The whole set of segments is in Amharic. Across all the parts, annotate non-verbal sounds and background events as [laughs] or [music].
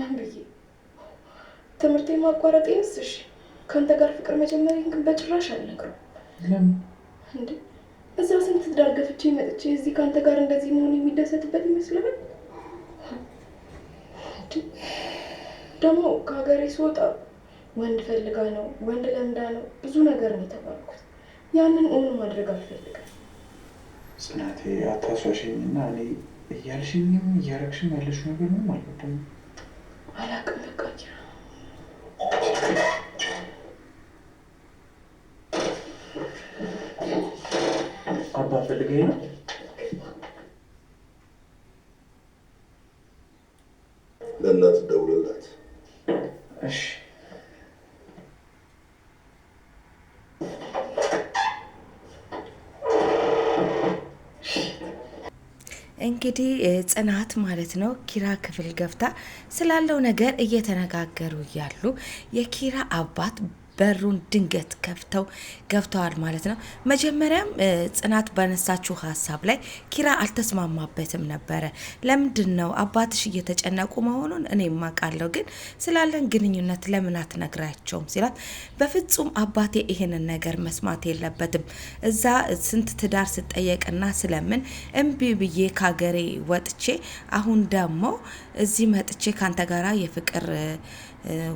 ምን ብዬ ትምህርት የማቋረጥ ይንስሽ ከአንተ ጋር ፍቅር መጀመሪያን ግን በጭራሽ አልነግረው። እንዴ? እዛ ስንት ትዳር ገፍቼ መጥቼ እዚህ ከአንተ ጋር እንደዚህ መሆን የሚደሰትበት ይመስልሃል? ደግሞ ከሀገሬ ስወጣ ወንድ ፈልጋ ነው ወንድ ለምዳ ነው ብዙ ነገር ነው የተባልኩት። ያንን እውን ማድረግ አልፈልግም። ጽናቴ አታሷሽኝና እኔ እያልሽኝም እያረግሽም ያለሽ ነገር ምንም አልገባኝም። alakalı kaç. Ang papalagay na? ለእናት ደውልላት። እሺ እንግዲህ ጽናት ማለት ነው ኪራ ክፍል ገብታ ስላለው ነገር እየተነጋገሩ ያሉ የኪራ አባት በሩን ድንገት ከፍተው ገብተዋል ማለት ነው። መጀመሪያም ጽናት ባነሳችው ሀሳብ ላይ ኪራ አልተስማማበትም ነበረ። ለምንድን ነው አባትሽ እየተጨነቁ መሆኑን እኔ ማቃለው ግን ስላለን ግንኙነት ለምን አትነግራቸውም ሲላት፣ በፍጹም አባቴ ይሄንን ነገር መስማት የለበትም እዛ ስንት ትዳር ስጠየቅና ስለምን እምቢ ብዬ ካገሬ ወጥቼ አሁን ደግሞ እዚህ መጥቼ ካንተ ጋራ የፍቅር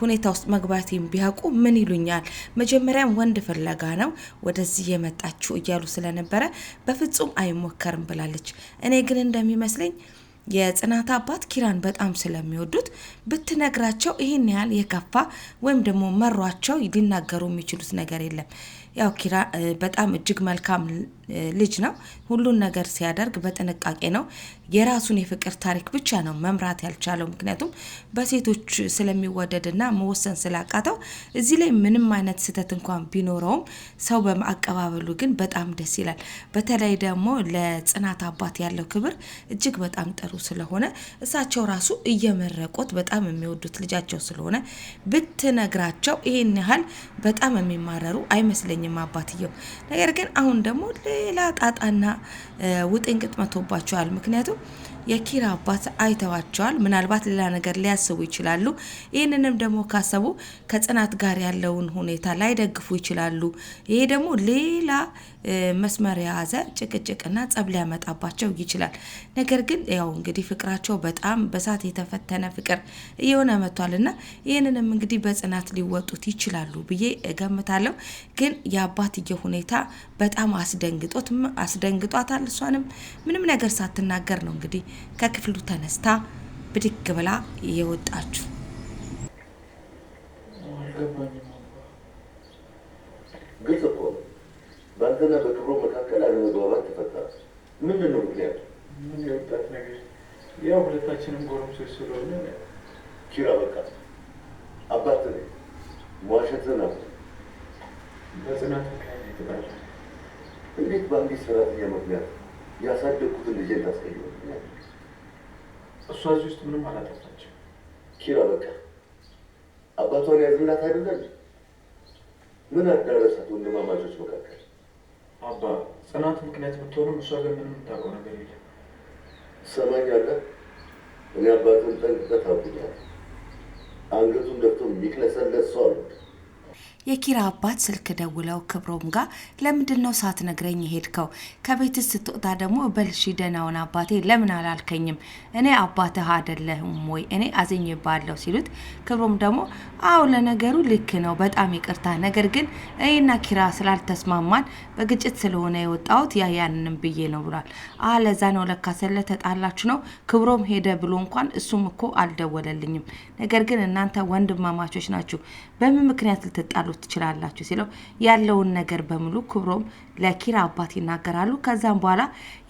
ሁኔታ ውስጥ መግባቴን ቢያውቁ ምን ይሉኛል? መጀመሪያም ወንድ ፍለጋ ነው ወደዚህ የመጣችው እያሉ ስለነበረ በፍጹም አይሞከርም ብላለች። እኔ ግን እንደሚመስለኝ የጽናት አባት ኪራን በጣም ስለሚወዱት ብትነግራቸው ይህን ያህል የከፋ ወይም ደግሞ መሯቸው ሊናገሩ የሚችሉት ነገር የለም። ያው ኪራ በጣም እጅግ መልካም ልጅ ነው። ሁሉን ነገር ሲያደርግ በጥንቃቄ ነው። የራሱን የፍቅር ታሪክ ብቻ ነው መምራት ያልቻለው። ምክንያቱም በሴቶች ስለሚወደድና መወሰን ስላቃተው እዚህ ላይ ምንም አይነት ስህተት እንኳን ቢኖረውም ሰው በማቀባበሉ ግን በጣም ደስ ይላል። በተለይ ደግሞ ለጽናት አባት ያለው ክብር እጅግ በጣም ጥሩ ስለሆነ እሳቸው ራሱ እየመረቁት በጣም የሚወዱት ልጃቸው ስለሆነ ብትነግራቸው ይህን ያህል በጣም የሚማረሩ አይመስለኝም። አልመሰለኝም አባትየው። ነገር ግን አሁን ደግሞ ሌላ ጣጣና ውጥንቅጥ መቶባቸዋል። ምክንያቱም የኪራ አባት አይተዋቸዋል። ምናልባት ሌላ ነገር ሊያስቡ ይችላሉ። ይህንንም ደግሞ ካሰቡ ከጽናት ጋር ያለውን ሁኔታ ላይደግፉ ይችላሉ። ይሄ ደግሞ ሌላ መስመር የያዘ ጭቅጭቅና ጸብ ሊያመጣባቸው ይችላል። ነገር ግን ያው እንግዲህ ፍቅራቸው በጣም በሳት የተፈተነ ፍቅር እየሆነ እና ይህንንም እንግዲህ በጽናት ሊወጡት ይችላሉ ብዬ እገምታለሁ። ግን የአባትየው ሁኔታ በጣም አስደንግጦት አስደንግጧታል። እሷንም ምንም ነገር ሳትናገር ነው እንግዲህ ከክፍሉ ተነስታ ብድግ ብላ የወጣችሁ ግልጽ እኮ በአንተና በክብሮ መካከል አለመግባባት ተፈጠረ። ምንድን ነው ምክንያቱ? ምን የወጣት ነገር ያው ሁለታችንም ጎረምሶች ስለሆነ ኪራ፣ በቃ አባት ነኝ። በጽናት ምክንያት እንዴት በአንዲት ሰራተኛ ምክንያት ያሳደግኩትን ልጄ ታስቀየው እሷ እዚህ ውስጥ ምንም አላጠፋችም። ኪራ በቃ አባቷን ያዝላት አይደለም። ምን አዳረሳት ወንድማማቾች መካከል አባ ጽናት ምክንያት ብትሆንም እሷ ግን ምንም የምታውቀው ነገር የለም። ትሰማኛለህ? እኔ አባትን ጠንቅቀህ ታውቁኛለህ። አንገቱን ደፍቶ የሚቅለሰለት ሰው አሉት የኪራ አባት ስልክ ደውለው ክብሮም ጋር ለምንድን ነው ነግረኝ የሄድከው? ከቤት ስትወጣ ደግሞ በልሺ ደህናውን አባቴ ለምን አላልከኝም? እኔ አባትህ አይደለሁም ወይ? እኔ አዝኜብሃለሁ ሲሉት ክብሮም ደግሞ አዎ ለነገሩ ልክ ነው፣ በጣም ይቅርታ። ነገር ግን እኔና ኪራ ስላልተስማማን በግጭት ስለሆነ የወጣሁት ያ ያንንም ብዬ ነው ብሏል። አለዛ ነው ለካ ስለተጣላችሁ ነው ክብሮም ሄደ ብሎ እንኳን እሱም እኮ አልደወለልኝም። ነገር ግን እናንተ ወንድማማቾች ናችሁ፣ በምን ምክንያት ልትጣሉ ትችላላችሁ ሲለው ያለውን ነገር በሙሉ ክብሮም ለኪራ አባት ይናገራሉ። ከዛም በኋላ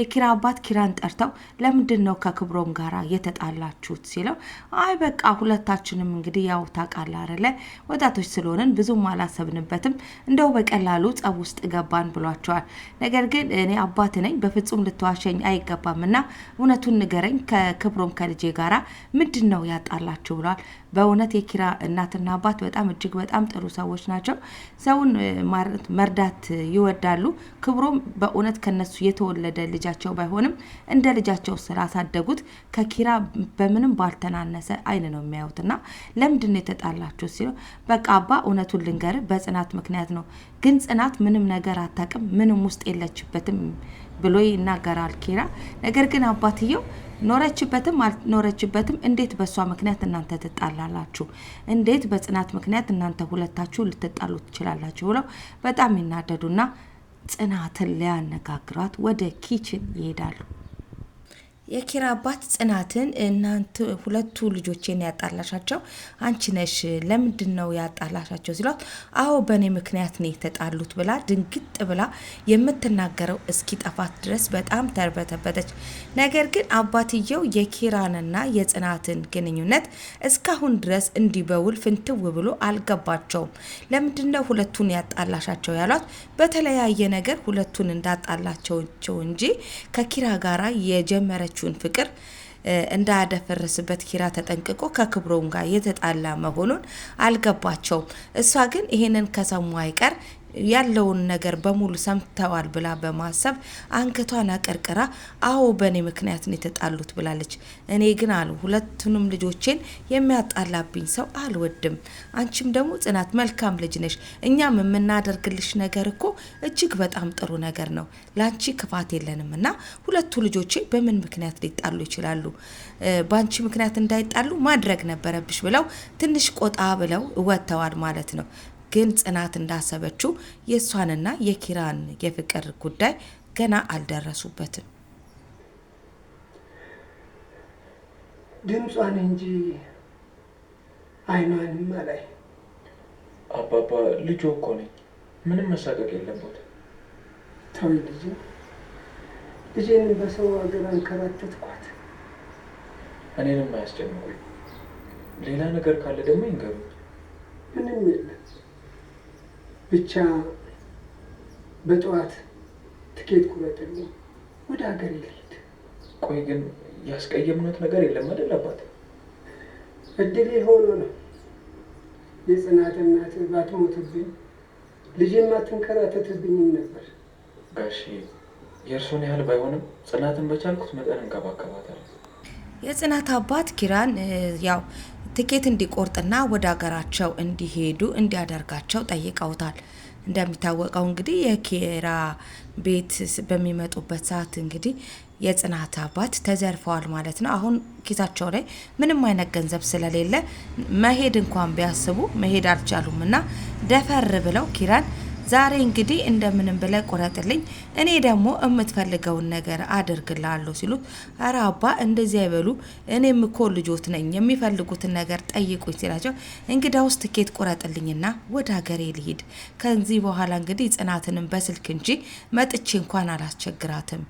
የኪራ አባት ኪራን ጠርተው ለምንድን ነው ከክብሮም ጋር የተጣላችሁት ሲለው አይ በቃ ሁለታችንም እንግዲህ ያው ታውቃለህ አይደለ ወጣቶች ስለሆንን ብዙም አላሰብንበትም፣ እንደው በቀላሉ ጸብ ውስጥ ገባን ብሏቸዋል። ነገር ግን እኔ አባት ነኝ፣ በፍጹም ልትዋሸኝ እና እውነቱን ንገረኝ፣ ከክብሮም ከልጄ ጋራ ምንድን ነው ያጣላችሁ ብለዋል። በእውነት የኪራ እናትና አባት በጣም እጅግ በጣም ጥሩ ሰዎች ናቸው። ሰውን መርዳት ይወዳሉ። ክብሮም በእውነት ከነሱ የተወለደ ልጃቸው ባይሆንም እንደ ልጃቸው ስላሳደጉት ከኪራ በምንም ባልተናነሰ አይን ነው የሚያዩትና ለምንድን ነው የተጣላችሁ ሲለው በቃ አባ እውነቱን ልንገር በጽናት ምክንያት ነው ግን ጽናት ምንም ነገር አታውቅም ምንም ውስጥ የለችበትም ብሎ ይናገራል ኪራ ነገር ግን አባትየው ኖረችበትም አልኖረችበትም እንዴት በእሷ ምክንያት እናንተ ትጣላላችሁ? እንዴት በጽናት ምክንያት እናንተ ሁለታችሁ ልትጣሉ ትችላላችሁ? ብለው በጣም ይናደዱና ጽናትን ሊያነጋግሯት ወደ ኪችን ይሄዳሉ። የኪራ አባት ጽናትን እናንተ ሁለቱ ልጆቼን ያጣላሻቸው አንቺ ነሽ፣ ለምንድን ነው ያጣላሻቸው ሲሏት፣ አዎ በእኔ ምክንያት ነው የተጣሉት ብላ ድንግጥ ብላ የምትናገረው እስኪ ጠፋት ድረስ በጣም ተርበተበተች። ነገር ግን አባትየው የኪራንና የጽናትን ግንኙነት እስካሁን ድረስ እንዲህ በውል ፍንትው ብሎ አልገባቸውም። ለምንድን ነው ሁለቱን ያጣላሻቸው ያሏት፣ በተለያየ ነገር ሁለቱን እንዳጣላቸው እንጂ ከኪራ ጋራ የጀመረ የሰጠችውን ፍቅር እንዳደፈረስበት ኪራ ተጠንቅቆ ከክብሮም ጋር የተጣላ መሆኑን አልገባቸውም። እሷ ግን ይህንን ከሰሙ አይቀር ያለውን ነገር በሙሉ ሰምተዋል ብላ በማሰብ አንገቷን አቀርቅራ አዎ በእኔ ምክንያት ነው የተጣሉት ብላለች። እኔ ግን አሉ ሁለቱንም ልጆቼን የሚያጣላብኝ ሰው አልወድም። አንቺም ደግሞ ጽናት መልካም ልጅ ነሽ። እኛም የምናደርግልሽ ነገር እኮ እጅግ በጣም ጥሩ ነገር ነው። ለአንቺ ክፋት የለንም እና ሁለቱ ልጆቼ በምን ምክንያት ሊጣሉ ይችላሉ? በአንቺ ምክንያት እንዳይጣሉ ማድረግ ነበረብሽ ብለው ትንሽ ቆጣ ብለው ወጥተዋል ማለት ነው። ግን ጽናት እንዳሰበችው የእሷንና የኪራን የፍቅር ጉዳይ ገና አልደረሱበትም። ድምጿን እንጂ አይኗንም አላይ። አባባ ልጆ እኮ ነኝ፣ ምንም መሳቀቅ የለበት። ተው ልጅ፣ ልጄንም በሰው ሀገር አንከራተትኳት። እኔንም አያስጨንቁኝ። ሌላ ነገር ካለ ደግሞ ይንገሩኝ። ምንም የለም ብቻ በጠዋት ትኬት ቁረጥልኝ ወደ ሀገር ልሂድ። ቆይ ግን ያስቀየምነት ነገር የለም አይደል? አባት እድሌ ሆኖ ነው የጽናት እናት ባትሞትብኝ ልጄም አትንከራተትብኝም ነበር። ጋሺ የእርሱን ያህል ባይሆንም ጽናትን በቻልኩት መጠን እንከባከባታል። የጽናት አባት ኪራን ያው ትኬት እንዲቆርጥና ወደ ሀገራቸው እንዲሄዱ እንዲያደርጋቸው ጠይቀውታል። እንደሚታወቀው እንግዲህ የኪራ ቤት በሚመጡበት ሰዓት እንግዲህ የጽናት አባት ተዘርፈዋል ማለት ነው። አሁን ኪሳቸው ላይ ምንም አይነት ገንዘብ ስለሌለ መሄድ እንኳን ቢያስቡ መሄድ አልቻሉም እና ደፈር ብለው ኪራን ዛሬ እንግዲህ እንደምንም ብለ ቁረጥልኝ፣ እኔ ደግሞ የምትፈልገውን ነገር አድርግላለሁ ሲሉት፣ ኧረ አባ እንደዚህ አይበሉ፣ እኔም እኮ ልጆት ነኝ የሚፈልጉትን ነገር ጠይቁኝ ሲላቸው፣ እንግዳውስ ትኬት ቁረጥልኝና ወደ ሀገሬ ልሂድ። ከዚህ በኋላ እንግዲህ ጽናትንም በስልክ እንጂ መጥቼ እንኳን አላስቸግራትም።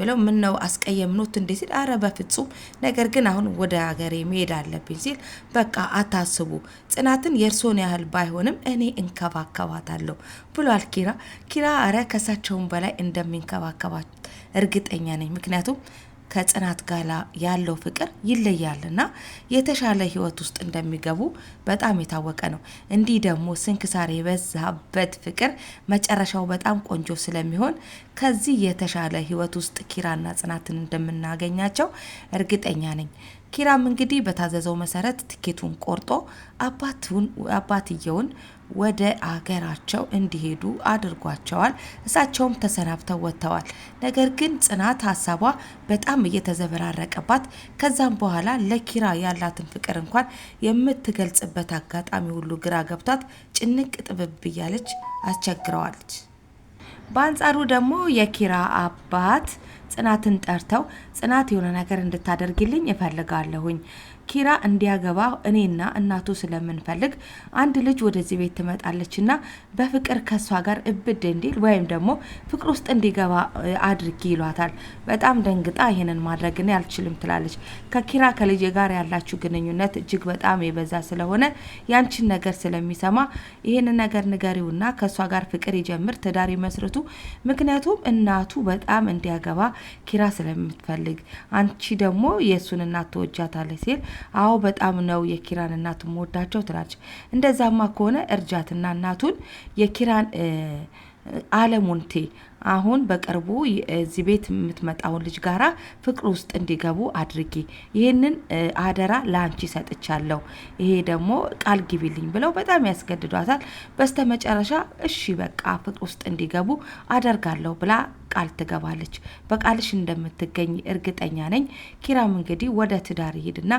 ብለው ምን ነው አስቀየምኖት እንዴ ሲል አረ በፍጹም ነገር ግን አሁን ወደ ሀገሬ መሄድ አለብኝ ሲል በቃ አታስቡ ጽናትን የእርሶን ያህል ባይሆንም እኔ እንከባከባታለሁ ብሏል ኪራ ኪራ አረ ከሳቸውን በላይ እንደሚንከባከባት እርግጠኛ ነኝ ምክንያቱም ከጽናት ጋር ያለው ፍቅር ይለያልና የተሻለ ህይወት ውስጥ እንደሚገቡ በጣም የታወቀ ነው። እንዲህ ደግሞ ስንክሳር የበዛበት ፍቅር መጨረሻው በጣም ቆንጆ ስለሚሆን ከዚህ የተሻለ ህይወት ውስጥ ኪራና ጽናትን እንደምናገኛቸው እርግጠኛ ነኝ። ኪራም እንግዲህ በታዘዘው መሰረት ትኬቱን ቆርጦ አባትየውን ወደ አገራቸው እንዲሄዱ አድርጓቸዋል። እሳቸውም ተሰናብተው ወጥተዋል። ነገር ግን ጽናት ሀሳቧ በጣም እየተዘበራረቀባት ከዛም በኋላ ለኪራ ያላትን ፍቅር እንኳን የምትገልጽበት አጋጣሚ ሁሉ ግራ ገብቷት ጭንቅ ጥብብ እያለች አስቸግረዋለች። በአንጻሩ ደግሞ የኪራ አባት ጽናትን ጠርተው ጽናት የሆነ ነገር እንድታደርግልኝ እፈልጋለሁኝ ኪራ እንዲያገባ እኔና እናቱ ስለምንፈልግ አንድ ልጅ ወደዚህ ቤት ትመጣለች በፍቅር ከእሷ ጋር እብድ እንዲል ወይም ደግሞ ፍቅር ውስጥ እንዲገባ አድርጊ ይሏታል። በጣም ደንግጣ ይህንን ማድረግ እኔ አልችልም ትላለች። ከኪራ ከልጄ ጋር ያላችሁ ግንኙነት እጅግ በጣም የበዛ ስለሆነ ያንቺን ነገር ስለሚሰማ ይህንን ነገር ንገሪውና ከእሷ ጋር ፍቅር ይጀምር፣ ትዳር ይመስርቱ። ምክንያቱም እናቱ በጣም እንዲያገባ ኪራ ስለምትፈልግ አንቺ ደግሞ የእሱን እናት ትወጃታለች ሲል አዎ በጣም ነው የኪራን እናት ወዳቸው ትላለች። እንደዛማ ከሆነ እርጃትና እናቱን የኪራን አለሙንቴ አሁን በቅርቡ እዚህ ቤት የምትመጣውን ልጅ ጋራ ፍቅር ውስጥ እንዲገቡ አድርጊ፣ ይህንን አደራ ለአንቺ ሰጥቻለሁ፣ ይሄ ደግሞ ቃል ግቢልኝ ብለው በጣም ያስገድዷታል። በስተመጨረሻ እሺ በቃ ፍቅር ውስጥ እንዲገቡ አደርጋለሁ ብላ ቃል ትገባለች። በቃልሽ እንደምትገኝ እርግጠኛ ነኝ። ኪራም እንግዲህ ወደ ትዳር ይሄድና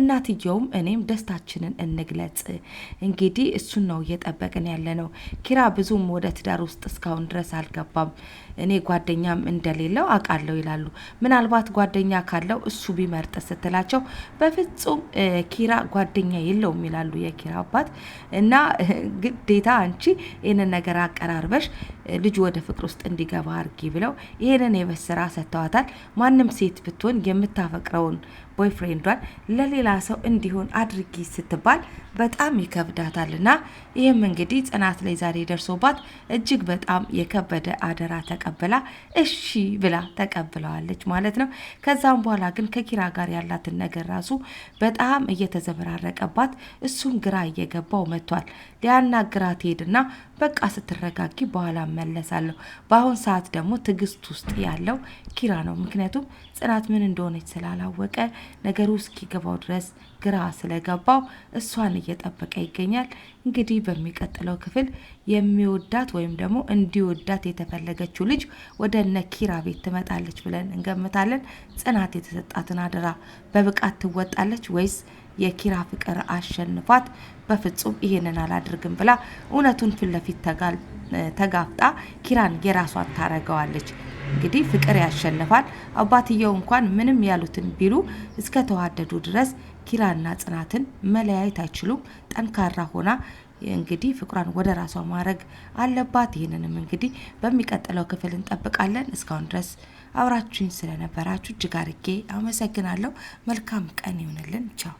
እናትየውም እኔም ደስታችንን እንግለጽ እንግዲህ እሱን ነው እየጠበቅን ያለ ነው። ኪራ ብዙም ወደ ትዳር ውስጥ እስካሁን ድረስ አልገባም። እኔ ጓደኛም እንደሌለው አውቃለሁ ይላሉ። ምናልባት ጓደኛ ካለው እሱ ቢመርጥ ስትላቸው በፍጹም ኪራ ጓደኛ የለውም ይላሉ የኪራ አባት። እና [laughs] ግዴታ አንቺ ይህንን ነገር አቀራርበሽ ልጁ ወደ ፍቅር ውስጥ እንዲገባ አርጊ ብለው ይህንን የበስራ ስራ ሰጥተዋታል። ማንም ሴት ብትሆን የምታፈቅረውን ቦይፍሬንዷን ለሌላ ሰው እንዲሆን አድርጊ ስትባል በጣም ይከብዳታል ይህም እንግዲህ ጽናት ላይ ዛሬ ደርሶባት እጅግ በጣም የከበደ አደራ ተቀብላ እሺ ብላ ተቀብለዋለች ማለት ነው። ከዛም በኋላ ግን ከኪራ ጋር ያላትን ነገር ራሱ በጣም እየተዘበራረቀባት እሱም ግራ እየገባው መጥቷል። ሊያናግራት ሄድና በቃ ስትረጋጊ በኋላ መለሳለሁ። በአሁን ሰዓት ደግሞ ትዕግስት ውስጥ ያለው ኪራ ነው። ምክንያቱም ጽናት ምን እንደሆነች ስላላወቀ ነገሩ እስኪገባው ድረስ ግራ ስለገባው እሷን እየጠበቀ ይገኛል። እንግዲህ በሚቀጥለው ክፍል የሚወዳት ወይም ደግሞ እንዲወዳት የተፈለገችው ልጅ ወደ ነኪራ ቤት ትመጣለች ብለን እንገምታለን። ጽናት የተሰጣትን አደራ በብቃት ትወጣለች ወይስ የኪራ ፍቅር አሸንፏት በፍጹም ይሄንን አላደርግም ብላ እውነቱን ፊት ለፊት ተጋፍጣ ኪራን የራሷን ታረገዋለች? እንግዲህ ፍቅር ያሸንፋል። አባትየው እንኳን ምንም ያሉትን ቢሉ እስከ ተዋደዱ ድረስ ኪራና ጽናትን መለያየት አይችሉም። ጠንካራ ሆና እንግዲህ ፍቅሯን ወደ ራሷ ማድረግ አለባት። ይህንንም እንግዲህ በሚቀጥለው ክፍል እንጠብቃለን። እስካሁን ድረስ አብራችሁኝ ስለነበራችሁ እጅግ አርጌ አመሰግናለሁ። መልካም ቀን ይሆንልን። ቻው